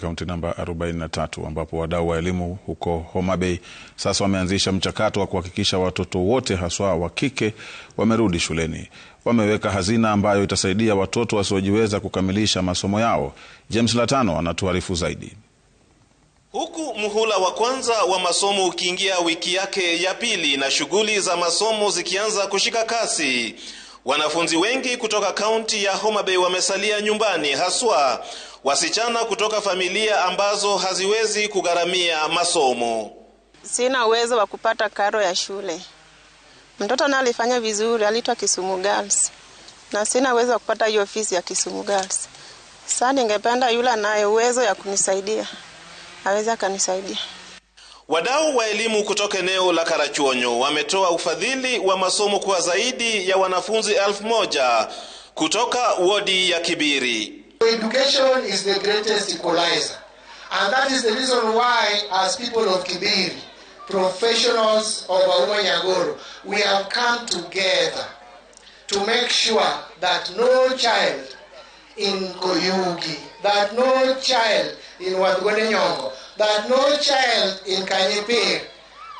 kaunti namba 43 ambapo wadau wa elimu huko Homa Bay sasa wameanzisha mchakato wa kuhakikisha watoto wote haswa wa kike wamerudi shuleni. Wameweka hazina ambayo itasaidia watoto wasiojiweza kukamilisha masomo yao. James Latano anatuarifu zaidi. Huku muhula wa kwanza wa masomo ukiingia wiki yake ya pili na shughuli za masomo zikianza kushika kasi, wanafunzi wengi kutoka kaunti ya Homa Bay wamesalia nyumbani haswa wasichana kutoka familia ambazo haziwezi kugharamia masomo. Sina uwezo wa kupata karo ya shule. Mtoto naye alifanya vizuri, aliitwa Kisumu Girls, na sina uwezo wa kupata hiyo ofisi ya Kisumu Girls. Sasa ningependa yule anaye uwezo ya kunisaidia aweze akanisaidia. Wadau wa elimu kutoka eneo la Karachuonyo wametoa ufadhili wa masomo kwa zaidi ya wanafunzi elfu moja kutoka wodi ya Kibiri. Education is the greatest equalizer. And that is the reason why, as people of Kibiri, professionals of Nyagoro, we have come together to make sure that no child in Koyugi, that no child in Wadgonenyongo, that no child in Kanyepir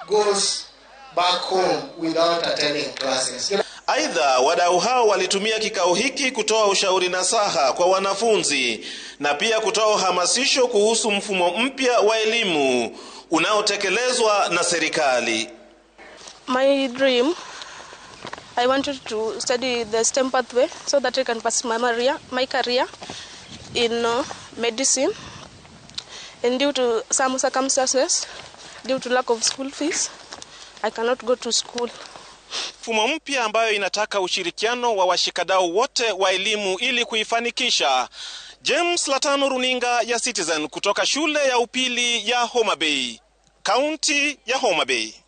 goes back home without attending classes. Aidha, wadau hao walitumia kikao hiki kutoa ushauri nasaha kwa wanafunzi na pia kutoa uhamasisho kuhusu mfumo mpya wa elimu unaotekelezwa na serikali. My dream I wanted to study the STEM pathway so that I can pursue my career, my career in uh, medicine and due to some circumstances due to lack of school fees I cannot go to school mfumo mpya ambayo inataka ushirikiano wa washikadau wote wa elimu ili kuifanikisha. James Latano, runinga ya Citizen, kutoka shule ya upili ya Homa Bay, kaunti ya Homa Bay.